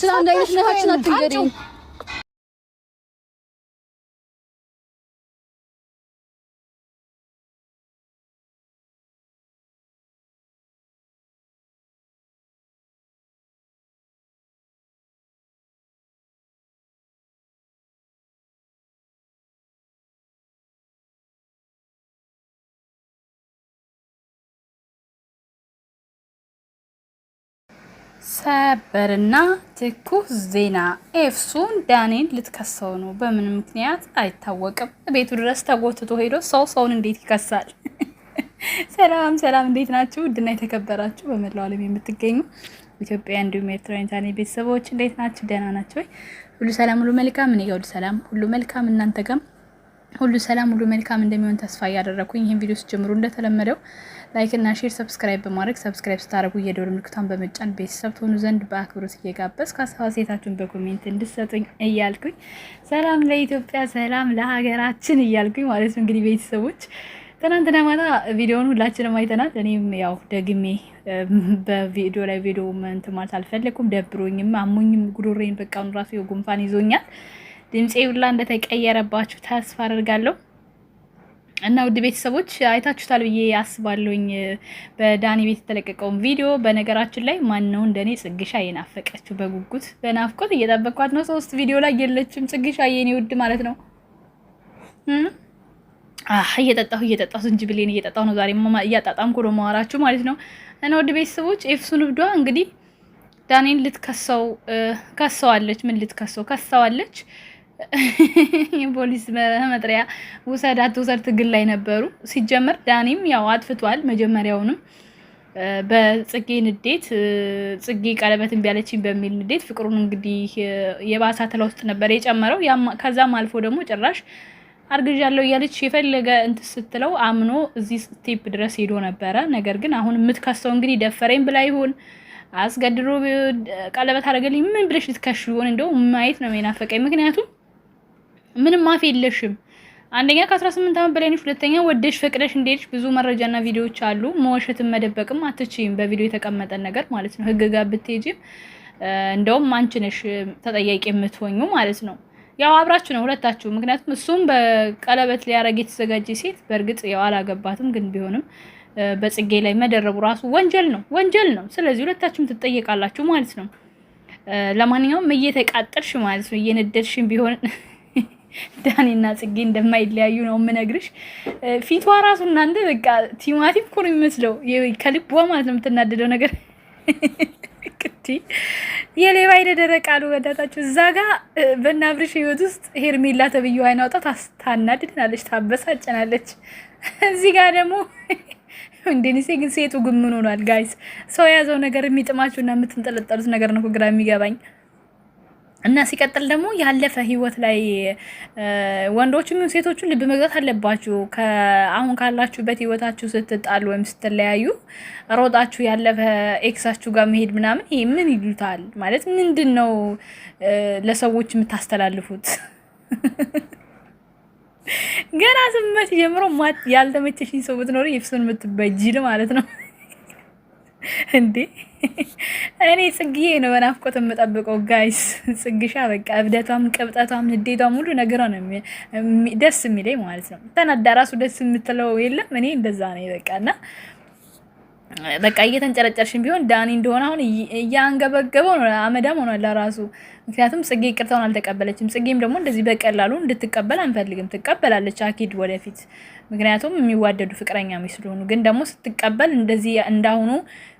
ስለ አንድ አይነት ነታችን አትንገሪኝ። ሰበርና ትኩስ ዜና ኤፍሱን ዳኔን ልትከሰው ነው። በምን ምክንያት አይታወቅም። ቤቱ ድረስ ተጎትቶ ሄዶ ሰው ሰውን እንዴት ይከሳል? ሰላም ሰላም፣ እንዴት ናችሁ? ውድና የተከበራችሁ በመላው ዓለም የምትገኙ ኢትዮጵያ እንዲሁም ኤርትራ ዳኔ ቤተሰቦች እንዴት ናችሁ? ደህና ናቸው ወይ? ሁሉ ሰላም፣ ሁሉ መልካም። እኔ ጋር ሁሉ ሰላም፣ ሁሉ መልካም። እናንተ ጋርም ሁሉ ሰላም ሁሉ መልካም እንደሚሆን ተስፋ እያደረግኩኝ ይህን ቪዲዮ ስጀምሩ እንደተለመደው ላይክ እና ሼር ሰብስክራይብ በማድረግ ሰብስክራይብ ስታደርጉ የደወል ምልክቷን በመጫን ቤተሰብ ትሆኑ ዘንድ በአክብሮት እየጋበዝኩ ሴታችሁን በኮሜንት እንድሰጡኝ እያልኩኝ ሰላም ለኢትዮጵያ ሰላም ለሀገራችን እያልኩኝ ማለት እንግዲህ ቤተሰቦች ትናንትና ማታ ቪዲዮውን ሁላችንም አይተናል። እኔም ያው ደግሜ በቪዲዮ ላይ ቪዲዮ እንትን ማለት አልፈለኩም። ደብሮኝም አሞኝም ጉሮሬን በቃ ራሱ የጉንፋን ይዞኛል። ድምፄ ሁላ እንደተቀየረባችሁ ተስፋ አደርጋለሁ። እና ውድ ቤተሰቦች አይታችሁታል ብዬ አስባለሁኝ በዳኒ ቤት የተለቀቀውን ቪዲዮ። በነገራችን ላይ ማነው እንደኔ ጽግሻ የናፈቀችው በጉጉት በናፍቆት እየጠበቅኳት ነው። ሶስት ቪዲዮ ላይ የለችም ጽግሻ የኔ ውድ ማለት ነው። እየጠጣሁ እየጠጣሁ ዝንጅብሌን እየጠጣሁ ነው ዛሬ እያጣጣምኩ ነው ማወራችሁ ማለት ነው። እና ውድ ቤተሰቦች ኤፍሱን እብዷ እንግዲህ ዳኔን ልትከሰው ከሰዋለች። ምን ልትከሰው ከሰዋለች የፖሊስ መጥሪያ ውሰድ አትውሰድ ትግል ላይ ነበሩ። ሲጀመር ዳኒም ያው አጥፍቷል። መጀመሪያውንም በጽጌ ንዴት ጽጌ ቀለበት እምቢ አለችኝ በሚል ንዴት ፍቅሩን እንግዲህ የባሳ ትላ ውስጥ ነበር የጨመረው። ከዛም አልፎ ደግሞ ጭራሽ አርግዣለሁ እያለች የፈለገ እንትን ስትለው አምኖ እዚህ ስቴፕ ድረስ ሄዶ ነበረ። ነገር ግን አሁን የምትከሰው እንግዲህ ደፈረኝ ብላ ይሆን አስገድሮ ቀለበት አደረገልኝ ምን ብለሽ ልትከሽ ይሆን? እንደው ማየት ነው የናፈቀኝ ምክንያቱም ምንም አፍ የለሽም። አንደኛ ከ18 ዓመት በላይ ነሽ፣ ሁለተኛ ወደሽ ፈቅደሽ እንደሄድሽ ብዙ መረጃና ቪዲዮዎች አሉ። መወሸትም መደበቅም አትችይም። በቪዲዮ የተቀመጠ ነገር ማለት ነው። ህግ ጋር ብትሄጂም እንደውም አንቺ ነሽ ተጠያቂ የምትሆኙ ማለት ነው። ያው አብራችሁ ነው ሁለታችሁ። ምክንያቱም እሱም በቀለበት ሊያረግ የተዘጋጀ ሴት በእርግጥ ያው አላገባትም፣ ግን ቢሆንም በጽጌ ላይ መደረቡ ራሱ ወንጀል ነው፣ ወንጀል ነው። ስለዚህ ሁለታችሁም ትጠየቃላችሁ ማለት ነው። ለማንኛውም እየተቃጠልሽ ማለት ነው፣ እየነደድሽም ቢሆን ዳኔና ጽጌ እንደማይለያዩ ነው የምነግርሽ። ፊቷ ራሱ እናንተ በቃ ቲማቲም እኮ ነው የሚመስለው። ከልቧ ማለት ነው የምትናደደው ነገር ቅቲ የሌባ አይደደረቅ አሉ በዳታቸው እዛ ጋ በናብርሽ ህይወት ውስጥ ሄርሜላ ተብዩ አይን አውጣት ታናድድናለች፣ ታበሳጨናለች። እዚህ ጋር ደግሞ እንደኒሴ ግን ሴቱ ግምን ሆኗል። ጋይስ ሰው የያዘው ነገር የሚጥማችሁ እና የምትንጠለጠሉት ነገር ነው ግራ የሚገባኝ። እና ሲቀጥል ደግሞ ያለፈ ህይወት ላይ ወንዶችም ሴቶቹ ልብ መግዛት አለባችሁ። አሁን ካላችሁበት ህይወታችሁ ስትጣሉ ወይም ስትለያዩ ሮጣችሁ ያለፈ ኤክሳችሁ ጋር መሄድ ምናምን ይሄ ምን ይሉታል ማለት ምንድን ነው? ለሰዎች የምታስተላልፉት ገና ስመት ጀምሮ ያልተመቸሽኝ ሰው ብትኖር የፍሱን የምትበጅል ማለት ነው። እንዴ እኔ ጽግዬ ነው በናፍቆት የምጠብቀው። ጋይስ ጽግሻ በቃ እብደቷም፣ ቅብጠቷም፣ ንዴቷም ሁሉ ነገሯ ነው ደስ የሚለኝ ማለት ነው። ተናዳ ራሱ ደስ የምትለው የለም። እኔ እንደዛ ነው በቃ እና በቃ እየተንጨረጨርሽን ቢሆን ዳኒ እንደሆነ አሁን እያንገበገበው ነው፣ አመዳም ሆኗል ለራሱ። ምክንያቱም ጽጌ ይቅርታውን አልተቀበለችም። ጽጌም ደግሞ እንደዚህ በቀላሉ እንድትቀበል አንፈልግም። ትቀበላለች አኪድ ወደፊት፣ ምክንያቱም የሚዋደዱ ፍቅረኛ ፍቅረኛሞች ስለሆኑ። ግን ደግሞ ስትቀበል እንደዚህ እንዳሁኑ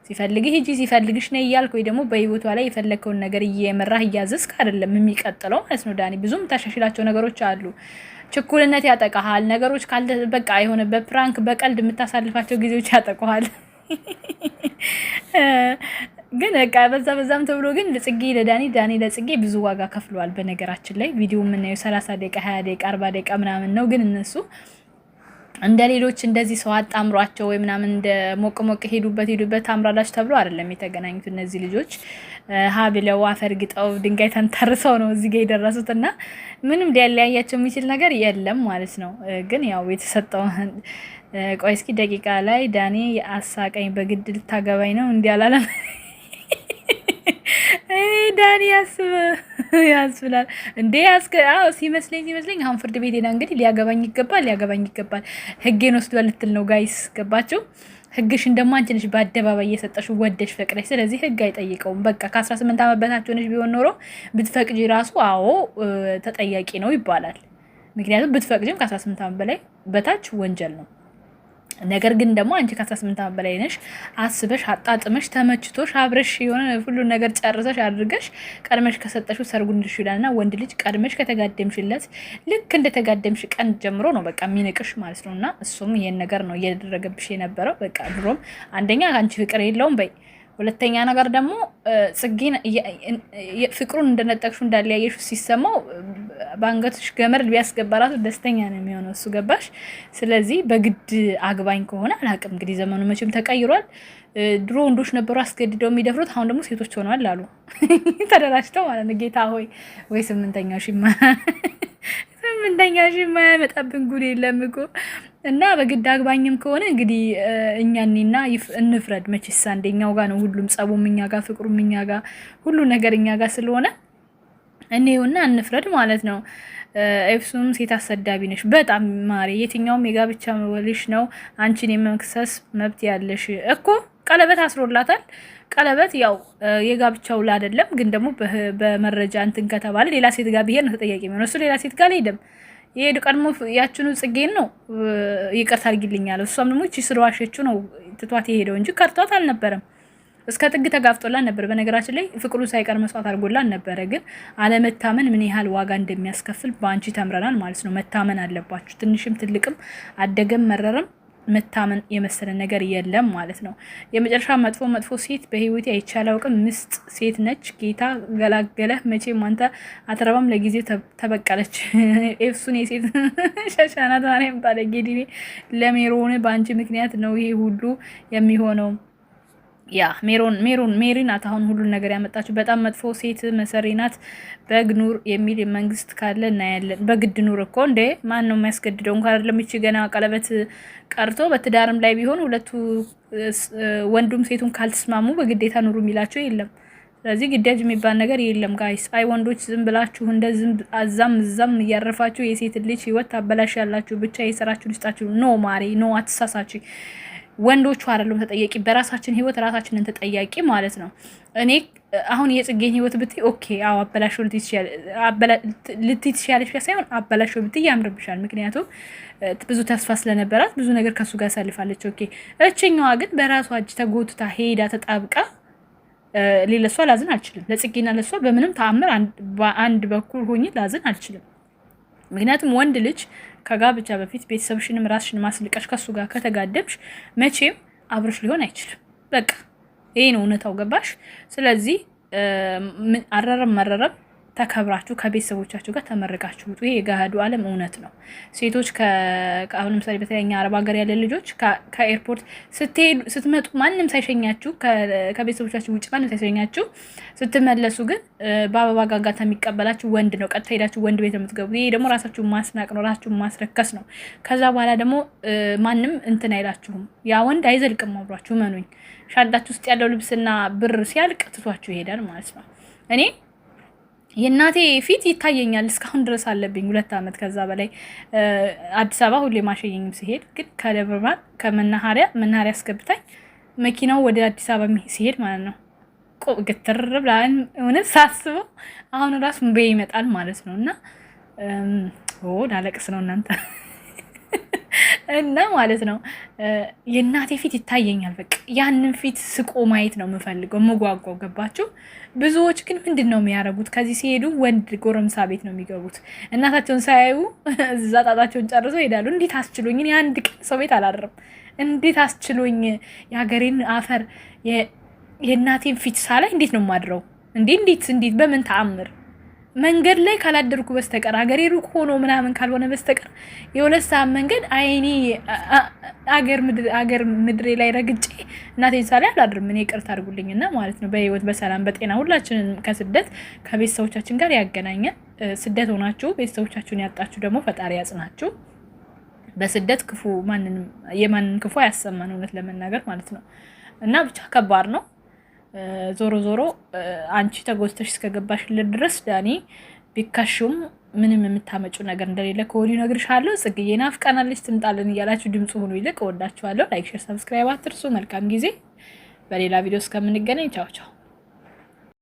ሲፈልግህ ሂጂ ሲፈልግሽ ነይ እያልክ ወይ ደግሞ በህይወቷ ላይ የፈለግከውን ነገር እየመራህ እያዘዝክ አይደለም የሚቀጥለው ማለት ነው። ዳኒ ብዙም ታሻሽላቸው ነገሮች አሉ። ችኩልነት ያጠቃሃል ነገሮች ካልበቃ የሆነ በፕራንክ በቀልድ የምታሳልፋቸው ጊዜዎች ያጠቁሃል። ግን በቃ በዛ በዛም ተብሎ ግን ለጽጌ ለዳኒ ዳኒ ለጽጌ ብዙ ዋጋ ከፍለዋል። በነገራችን ላይ ቪዲዮ የምናየው ሰላሳ ደቂቃ ሀያ ደቂቃ አርባ ደቂቃ ምናምን ነው። ግን እነሱ እንደ ሌሎች እንደዚህ ሰው አጣምሯቸው ወይ ምናምን እንደ ሞቅ ሞቅ ሄዱበት ሄዱበት ታምራላች ተብሎ አይደለም የተገናኙት። እነዚህ ልጆች ሀ ብለው ድንጋይ ተንተርሰው ነው እዚህ ጋ የደረሱት እና ምንም ሊያለያያቸው የሚችል ነገር የለም ማለት ነው። ግን ያው የተሰጠውን ቆይ እስኪ ደቂቃ ላይ ዳኔ የአሳቀኝ በግድ ልታገባኝ ነው እንዲህ አላለም። መዳን ያስብ ያስብላል እንዴ ያስከ አዎ ሲመስለኝ ሲመስለኝ አሁን ፍርድ ቤት ሄዳ እንግዲህ ሊያገባኝ ይገባል ሊያገባኝ ይገባል ህጌን ወስዷል ልትል ነው ጋይስ ገባችሁ ህግሽን ደግሞ አንቺ ነሽ በአደባባይ እየሰጠሽ ወደሽ ፈቅደሽ። ስለዚህ ህግ አይጠይቀውም። በቃ ከ18 ዓመት በታች ሆነሽ ቢሆን ኖሮ ብትፈቅጂ ራሱ አዎ ተጠያቂ ነው ይባላል። ምክንያቱም ብትፈቅጂም ከ18 ዓመት በላይ በታች ወንጀል ነው። ነገር ግን ደግሞ አንቺ ከ18 ዓመት በላይ ነሽ። አስበሽ አጣጥመሽ ተመችቶሽ አብረሽ የሆነ ሁሉን ነገር ጨርሰሽ አድርገሽ ቀድመሽ ከሰጠሽው ሰርጉን ልሽ ይላልና ወንድ ልጅ ቀድመሽ ከተጋደምሽለት ልክ እንደተጋደምሽ ቀን ጀምሮ ነው በቃ የሚንቅሽ ማለት ነው። እና እሱም ይህን ነገር ነው እያደረገብሽ የነበረው። በቃ ድሮም አንደኛ አንቺ ፍቅር የለውም በይ ሁለተኛ ነገር ደግሞ ጽጌን ፍቅሩን እንደነጠቅሹ እንዳለያየሹ ሲሰማው በአንገቶች ገመድ ቢያስገባራት ደስተኛ ነው የሚሆነው እሱ ገባሽ። ስለዚህ በግድ አግባኝ ከሆነ አላቅም። እንግዲህ ዘመኑ መቼም ተቀይሯል። ድሮ ወንዶች ነበሩ አስገድደው የሚደፍሩት፣ አሁን ደግሞ ሴቶች ሆነዋል አሉ ተደራጅተው ማለት ነው። ጌታ ሆይ ወይ ስምንተኛው ሽማ ስምንተኛሽ የማያመጣብን ጉድ የለም እኮ እና በግድ አግባኝም ከሆነ እንግዲህ እኛ እኔና እንፍረድ። መቼሳ እንደኛው ጋር ነው ሁሉም ጸቡም እኛ ጋር፣ ፍቅሩም እኛ ጋር፣ ሁሉ ነገር እኛ ጋር ስለሆነ እኔውና እንፍረድ ማለት ነው። ኤፍሱም ሴት አሰዳቢ ነሽ በጣም ማሪ። የትኛውም የጋብቻ መወልሽ ነው አንቺን የመክሰስ መብት ያለሽ እኮ። ቀለበት አስሮላታል። ቀለበት ያው የጋብቻ ውል አይደለም፣ ግን ደግሞ በመረጃ እንትን ከተባለ ሌላ ሴት ጋር ብሄድ ነው ተጠያቂ የሚሆነው። እሱ ሌላ ሴት ጋር አልሄደም። ይሄዱ ቀድሞ ያችኑ ጽጌን ነው ይቅርታ አድርጊልኛለሁ። እሷም ደግሞ ይቺ ስለዋሸችው ነው ትቷት የሄደው እንጂ ከርቷት አልነበረም። እስከ ጥግ ተጋፍጦላን ነበር። በነገራችን ላይ ፍቅሩን ሳይቀር መስዋዕት አድርጎላን ነበረ። ግን አለመታመን ምን ያህል ዋጋ እንደሚያስከፍል በአንቺ ተምረናል ማለት ነው። መታመን አለባችሁ። ትንሽም ትልቅም አደገም መረረም መታመን የመሰለ ነገር የለም ማለት ነው። የመጨረሻ መጥፎ መጥፎ ሴት በህይወቴ አይቻል አውቅም። ምስጥ ሴት ነች። ጌታ ገላገለህ። መቼም አንተ አትረባም። ለጊዜ ተበቀለች። ኤፍሱን የሴት ሸሻናት ማርያም ጣለ ጌዲኔ ለሜሮን በአንቺ ምክንያት ነው ይሄ ሁሉ የሚሆነው። ያ ሜሮን ሜሮን ሜሪ ናት አሁን ሁሉን ነገር ያመጣችው። በጣም መጥፎ ሴት መሰሪ ናት። በግ ኑር የሚል መንግስት ካለ እናያለን። በግድ ኑር እኮ እንዴ! ማን ነው የሚያስገድደው? እንኳን አይደለም ይቺ ገና ቀለበት ቀርቶ በትዳርም ላይ ቢሆን ሁለቱ ወንዱም ሴቱን ካልተስማሙ በግዴታ ኑሩ የሚላቸው የለም። ስለዚህ ግዳጅ የሚባል ነገር የለም ጋይስ። አይ ወንዶች ዝም ብላችሁ እንደ ዝም አዛም እዛም እያረፋችሁ የሴት ልጅ ህይወት ታበላሽ ያላችሁ ብቻ የሰራችሁ ልስጣችሁ። ኖ ማሬ ኖ አትሳሳች ወንዶቹ አይደሉም ተጠያቂ፣ በራሳችን ህይወት ራሳችንን ተጠያቂ ማለት ነው። እኔ አሁን የጽጌን ህይወት ብትይ ኦኬ፣ አዎ አበላሽ ልትይ ትችላለች ሳይሆን አበላሽ ብትይ ያምርብሻል። ምክንያቱም ብዙ ተስፋ ስለነበራት ብዙ ነገር ከሱ ጋር ሳልፋለች። ኦኬ፣ እችኛዋ ግን በራሷ እጅ ተጎትታ ሄዳ ተጣብቃ ሌለሷ ላዝን አልችልም። ለጽጌና ለሷ በምንም ተአምር አንድ በኩል ሆኜ ላዝን አልችልም። ምክንያቱም ወንድ ልጅ ከጋብቻ በፊት ቤተሰብሽንም ራስሽን ማስልቀሽ ከሱ ጋር ከተጋደምሽ መቼም አብረሽ ሊሆን አይችልም። በቃ ይሄ ነው እውነታው። ገባሽ? ስለዚህ አረረም መረረም ተከብራችሁ ከቤተሰቦቻችሁ ጋር ተመርቃችሁ ውጡ። ይሄ የገሃዱ ዓለም እውነት ነው። ሴቶች አሁን ለምሳሌ በተለይ እኛ አረብ ሀገር ያለ ልጆች ከኤርፖርት ስትሄዱ ስትመጡ ማንም ሳይሸኛችሁ፣ ከቤተሰቦቻችሁ ውጭ ማንም ሳይሸኛችሁ ስትመለሱ ግን በአበባ ጋጋታ የሚቀበላችሁ ወንድ ነው። ቀጥታ ሄዳችሁ ወንድ ቤት የምትገቡ ይሄ ደግሞ ራሳችሁን ማስናቅ ነው፣ ራሳችሁን ማስረከስ ነው። ከዛ በኋላ ደግሞ ማንም እንትን አይላችሁም። ያ ወንድ አይዘልቅም አብሯችሁ መኑኝ። ሻንጣችሁ ውስጥ ያለው ልብስና ብር ሲያልቅ ትቷችሁ ይሄዳል ማለት ነው እኔ የእናቴ ፊት ይታየኛል እስካሁን ድረስ አለብኝ ሁለት ዓመት ከዛ በላይ አዲስ አበባ ሁሌ ማሸኘኝም ሲሄድ ግን ከደብረ ብርሃን ከመናኸሪያ መናኸሪያ አስገብታኝ መኪናው ወደ አዲስ አበባ ሲሄድ ማለት ነው ግትር ብላ ሳስበ ሳስበው አሁን ራሱ እምቤ ይመጣል ማለት ነው እና ዳለቅስ ነው እናንተ እና ማለት ነው የእናቴ ፊት ይታየኛል። በቃ ያንን ፊት ስቆ ማየት ነው የምፈልገው የምጓጓው። ገባችሁ? ብዙዎች ግን ምንድን ነው የሚያደርጉት? ከዚህ ሲሄዱ ወንድ ጎረምሳ ቤት ነው የሚገቡት። እናታቸውን ሳያዩ እዛ ጣጣቸውን ጨርሰው ይሄዳሉ። እንዴት አስችሎኝ የአንድ ቀን ሰው ቤት አላድርም። እንዴት አስችሎኝ የሀገሬን አፈር የእናቴን ፊት ሳላይ እንዴት ነው የማድረው? እንዴ እንዴት እንዴት በምን ተአምር መንገድ ላይ ካላደርኩ በስተቀር አገሬ ሩቅ ሆኖ ምናምን ካልሆነ በስተቀር የሁለት ሰዓት መንገድ አይኔ አገር ምድሬ ላይ ረግጬ እናቴ ሳላይ አላድርም። እኔ አድርጉልኝ አድርጉልኝና ማለት ነው። በህይወት በሰላም በጤና ሁላችንን ከስደት ከቤተሰቦቻችን ጋር ያገናኘን። ስደት ሆናችሁ ቤተሰቦቻችሁን ያጣችሁ ደግሞ ፈጣሪ ያጽናችሁ። በስደት ክፉ ማንንም የማንን ክፉ አያሰማን እውነት ለመናገር ማለት ነው እና ብቻ ከባድ ነው። ዞሮ ዞሮ አንቺ ተጎዝተሽ እስከገባሽለት ድረስ ዳኒ ቢካሹም ምንም የምታመጩ ነገር እንደሌለ ከወዲሁ እነግርሻለሁ። ጽጌዬ ናፍቃናለች ትምጣለን እያላችሁ ድምፁ ሁኑ። ይልቅ እወዳችኋለሁ። ላይክ፣ ሼር፣ ሰብስክራይብ አትርሱ። መልካም ጊዜ። በሌላ ቪዲዮ እስከምንገናኝ ቻው ቻው።